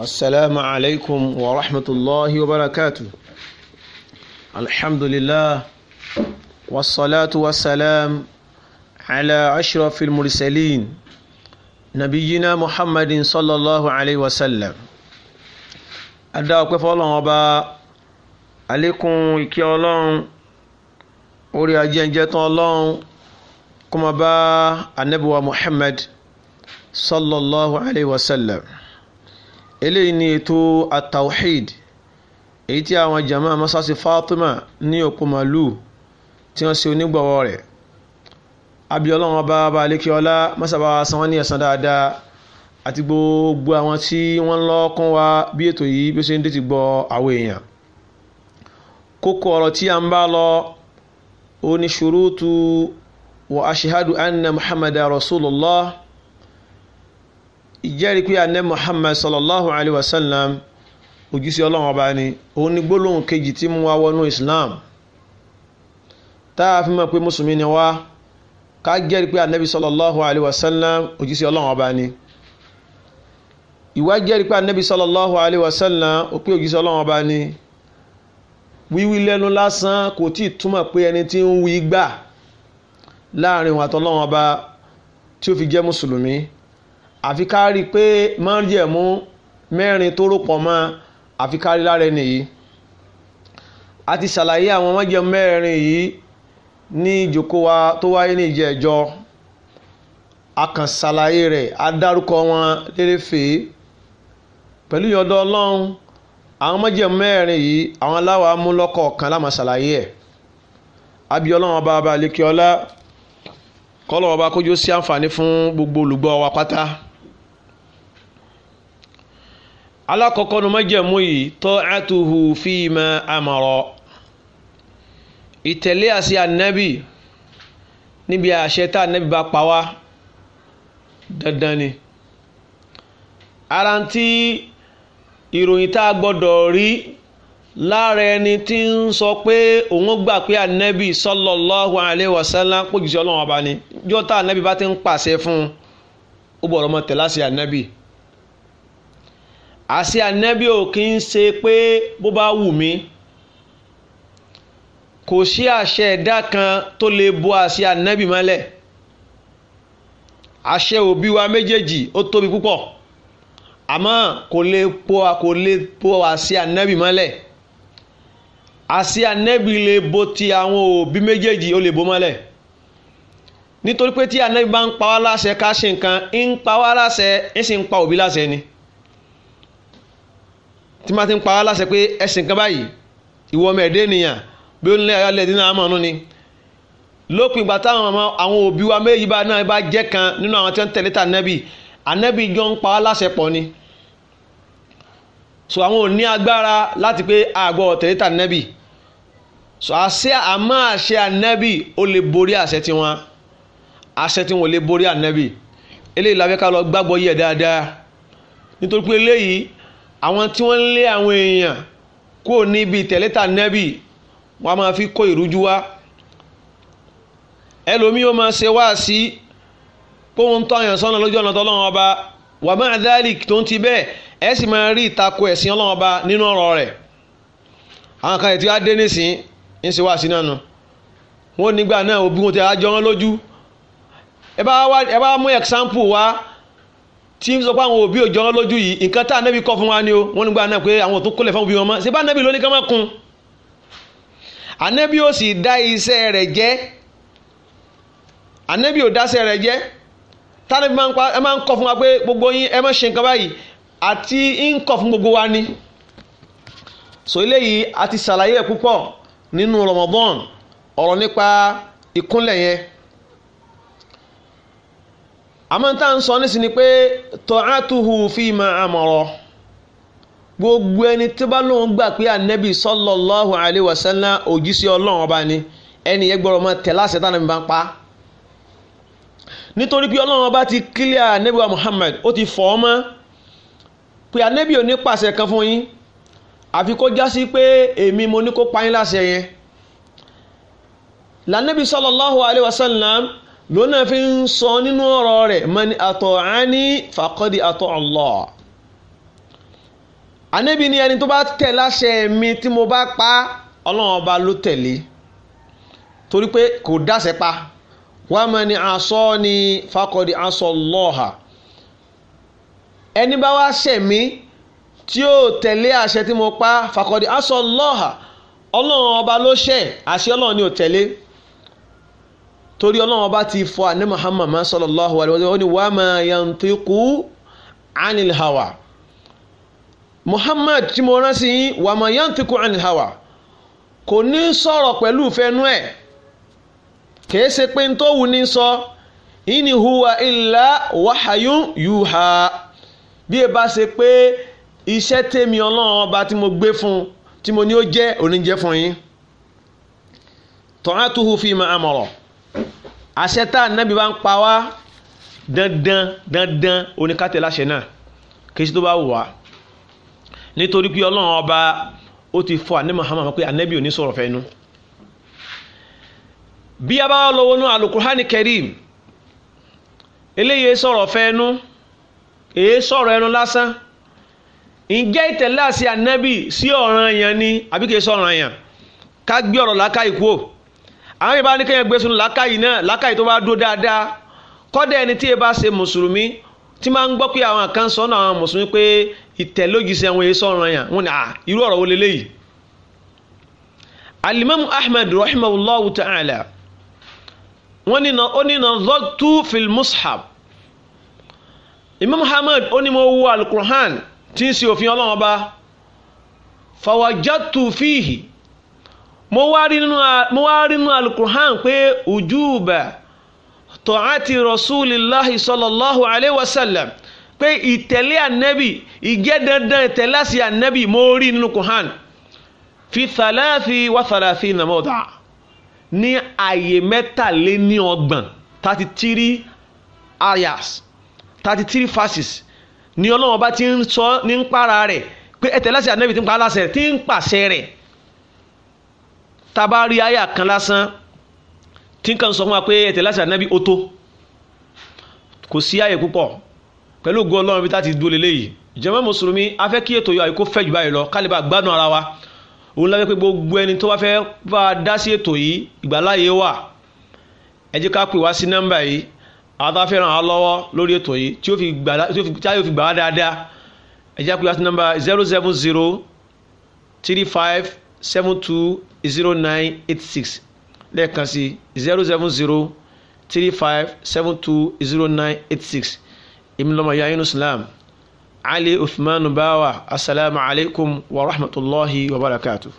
السلام عليكم ورحمة الله وبركاته الحمد لله والصلاة والسلام على أشرف المرسلين نبينا محمد صلى الله عليه وسلم أدعوك فالله أبا عليكم إكي الله أولي أجنجة الله كما با النبوة محمد صلى الله عليه وسلم eléyìí ni ètò atawhid èyí tí àwọn jama masasi fatima ní òpó màlúù tí wọ́n ṣe onígbọ̀wọ́ rẹ̀ abiyọlọ́run ọba ọba alekeola masaba san wọ́n ní ẹ̀san dáadáa àti gbogbo àwọn tí wọ́n ń lọ́ọ́kún wa bí ètò yìí bí ó ṣe ń dé ti gbọ́ àwọn èèyàn kókó ọ̀rọ̀ tí a ń bá lọ ó ní wa ashihadu anna muhammadu rasulullah ìjẹ́rìí pé anẹ́ muhammad sallallahu alayhi wa sallam ojúṣe ọlọ́run ọba ni òun ni gbólóhùn kejì tí mú wa wọnú islam tá a fi mọ̀ pé mùsùlùmí ni wá ká jẹ́rìí pé anẹ́bí sallallahu alayhi wa sallam ojúṣe ọlọ́run ọba ni ìwà jẹ́rìí pé anẹ́bí sallallahu alayhi wa sallam òpin ojúṣe ọlọ́run ọba ni wíwí lẹ́nu lásán kò tí ì túmọ̀ pé ẹni tí ń wí gbà láàrin wọn àtọ́lọ́wọ́n ọba tí ó fi jẹ́ mùsùlùmí àfi ká rí i pé mọ́jẹ̀mú mẹ́rin tó rọpọ̀ mọ́ àfi ká rí lára ẹni yìí a ti ṣàlàyé àwọn mọ́jẹ̀mú mẹ́rin yìí ní ìjókòó wa tó wáyé ní ìjẹ́jọ́ a kàn ṣàlàyé rẹ̀ a dárúkọ wọn lérèfé pẹ̀lú ìyọ̀dọ̀ ọlọ́run àwọn mọ́jẹ̀mú mẹ́rin yìí àwọn aláwọ̀ amúlọ́kọ̀ọ̀kan la máa ṣàlàyé ẹ̀ àbí ọlọ́run ọba ọba àlékè kójú sí àǹfààní fún gbogbo olùgbọ́ wa pátá alákọ̀ọ́kọ́ ni májẹ̀mú yìí ta'atuhu fima amara ìtẹ̀lé àṣẹ ànábì níbi àṣẹ tá ànábì bá pa wá dandan ni ara ń tí ìròyìn tá a gbọ́dọ̀ rí lára ẹni tí ń sọ pé òun gbà pé ànábì sallallahu alaihi wasallam pòjìṣẹ́ ọlọ́run ọba ni jọ́tà ànábì bá ti ń pàṣẹ fún un ó bọ̀rọ̀ mọ́ tẹ̀lé àṣẹ ànábì àṣẹ ànábì ò kí ń ṣe pé bó bá wù mí kò sí àṣẹ ẹ̀dá kan tó lè bo àṣẹ ànábì mọ́lẹ̀ àṣẹ òbí wa méjèèjì ó tóbi púpọ̀ àmọ́ kò lè po kò lè po àṣẹ ànábì mọ́lẹ̀ àṣẹ ànábì lè bo ti àwọn òbí méjèèjì ó lè bo mọ́lẹ̀ nítorí pé tí ànábì bá ń pa wá láṣẹ ká ṣe nǹkan ń pa wá láṣẹ ń sì ń pa òbí láṣẹ ni tí máa ti ń pa wá láṣẹ pé ẹ̀sìn kan báyìí ìwọ ọmọ ẹ̀dẹ́ ènìyàn bí ó ń lé ayọ́lẹ̀ dínà àmọ́nú ni lópin ìgbà táwọn ọmọ àwọn òbí wa méjì bá náà bá jẹ́ kan nínú àwọn tí wọ́n tẹ̀lé tà nẹ́bì ànẹ́bì jọ ń pa wá láṣẹ pọ̀ ni so àwọn ò ní agbára láti pé àgbọ̀ tẹ̀lé tà nẹ́bì so àṣẹ àmọ́ àṣẹ ànẹ́bì ó lè borí àṣẹ tiwọn àṣẹ tiwọn ò lè borí ànẹ́bì eléyìí la fẹ́ ká lọ gbàgbọ́ yẹ dáadáa eléyìí àwọn tí wọ́n ń lé àwọn èèyàn kúrò níbi tẹ̀lẹ́tà nẹ́bì wọ́n a máa fi kó ìrújú wá ẹlòmíì ó máa ṣe wá sí póun tó àyàn sọ́nà lójú ọ̀nà tọ́lọ́wọ́n ọba wà máa dálì tó ń ti bẹ́ẹ̀ ẹ sì máa rí ìtako ẹ̀sìn ọlọ́wọ́n ọba nínú ọ̀rọ̀ rẹ̀ àwọn kan ètò adé nísìn ń ṣe wá sí náà nù wọ́n nígbà náà òbí wọn ti àjọ wọn lójú ẹ bá mú example wá tí ń sọ pé àwọn òbí òjò ọ̀rọ̀ lójú yìí nǹkan tá ànábì kọ́ fún wa ni o wọ́n nígbà náà pé àwọn òtún kólẹ̀ fún òbí wọn mọ́ ṣé bá ànábì ló ní ká má kun ànábì ò sì dá iṣẹ́ rẹ̀ jẹ́ ànábì ò dáṣẹ́ rẹ̀ jẹ́ tánàbí máa ń kọ́ fún wa pé gbogbo yín ẹ má ṣe nǹkan báyìí àti ń kọ́ fún gbogbo wa ni so eléyìí a ti ṣàlàyé ẹ̀ púpọ̀ nínú Ramadan ọ̀rọ̀ nípa ìkúnlẹ̀ yẹn àmọ́ tá à ń sọ nísìnyí pé tọ́hátùhù fi máa àmọ̀rọ̀ gbogbo ẹni tí bá lóun gbà pé ànẹ́bì sallallahu alaihi wasallam òjíṣẹ́ ọlọ́run ọba ni ẹni yẹn gbọ́dọ̀ máa tẹ̀ láṣẹ tánà mi bá ń pa nítorí pé ọlọ́run ọba ti kílíà ànẹ́bì wa Muhammad ó ti fọ́ ọ mọ́ pé ànẹ́bì ò ní pàṣẹ kan fún yín àfi kó já sí pé èmi mo ní kó pa yín láṣẹ yẹn lànẹ́bì sallallahu alaihi lónà fi ń sọ nínú ọ̀rọ̀ rẹ̀ mani ata'ani faqad ata Allah anabi ni ẹni tó bá tẹ̀ láṣẹ mi tí mo bá pa ọlọ́run ọba ló tẹ̀lé torí pé kò dáṣẹ pa wa mani asani faqad asa Allah ẹni bá wá ṣẹ̀ mí tí ó tẹ̀lé àṣẹ tí mo pa faqad asa Allah ọlọ́run ọba ló ṣẹ̀ àṣẹ ọlọ́run ni ò tẹ̀lé torí ọlọ́run ọba ti fọ àní muhammad ma sallallahu alayhi wa sallam ó ní wàá máa yantiqu anil hawa muhammad tí mo rán sí yín wàá máa yantiqu anil hawa kò ní sọ̀rọ̀ pẹ̀lú ìfẹ́nu ẹ̀ kìí ṣe pé n tó wù ní sọ ìní huwa illa wahayun yuha bí ẹ bá ṣe pé iṣẹ́ tèmi ọlọ́run ọba tí mo gbé fún tí mo ní ó jẹ́ oníjẹ́ fún yín ta'atuhu fi ma amara àṣẹ tá ànábì bá ń pa wá dandan dandan oníkàtẹ́ láṣẹ náà kì í ṣe tó bá wù wá nítorí pé ọlọ́run ọba ó ti fọ ànábì Muhammad pé ànábì ò ní sọ̀rọ̀ fẹ́ nu bí a bá lọ́wọ́ nú alukurhani karim eléyìí sọ̀rọ̀ fẹ́ nu èyí sọ̀rọ̀ ẹnu lásán ǹjẹ́ ìtẹ̀lé àṣẹ ànábì sí ọ̀ranyàn ni àbí kì í sọ̀ranyàn ká gbé ọ̀rọ̀ láká ìkú o àwọn ìbá ní kéèyàn gbé sunu làákàyè náà làákàyè tó bá dúró dáadáa kọ́dà ẹni tí ẹ bá ṣe mùsùlùmí tí máa ń gbọ́ pé àwọn kan sọ náà àwọn mùsùlùmí pé ìtẹ̀lógìsí àwọn èso ọ̀ràn yàn wọn ni à irú ọ̀rọ̀ wo leléyìí. alimami ahmed rahimahullah ta'ala wọ́n ní na ó ní na zọ́tú fil mushaf imam ahmed ó ní mo wo alukur'an tí ń ṣe òfin ọlọ́run ọba fawajatu fihi mo wá rí nínú alukur'an pé ojúbà tọ́hátì rasulillahi sallallahu alayhi wa sallam pé ìtẹ̀lé ànábì ìjẹ́ dandan ìtẹ̀lé àṣì ànábì mo rí nínú kur'an fi thalathi wa thalathi nàmọ́dà ní àyè mẹ́tàléníọgbọ̀n thirty three ayas thirty three verses ni ọlọ́run ọba ti ń sọ ní ń para rẹ̀ pé ẹ̀tẹ̀lé àṣì ti ń pa aláṣẹ rẹ̀ ti ń pàṣẹ rẹ̀ tabari aya kan lásán tí nǹkan sọ fún wa pé ẹ̀tẹ̀ láti ànábì ó tó kò sí ààyè púpọ̀ pẹ̀lú ògo ọlọ́run bí tá ti dúró lélẹ́yìí jàmá mùsùlùmí a fẹ́ kí ètò yìí kó fẹ̀ jù báyìí lọ kálíbà gbádùn ara wa òun lábẹ́ pé gbogbo ẹni tó bá fẹ́ bá a dá sí ètò yìí ìgbàláyé wà ẹ jẹ́ ká pè wá sí nọ́mbà yìí àwọn afẹ́ ràn án lọ́wọ́ lórí ètò yìí tí yóò fi gbà wá dáadáa ẹ jẹ́ ká pè wá sí nọ́mbà zero seven zero three five seven two zero nine eight six lẹ́ẹ̀kan sí zero seven zero three five seven two zero nine eight six èmi lọ́mọ ìyá yín islam ali usman bawa asalaamualeykum wa rahmatulahi wa barakatuh.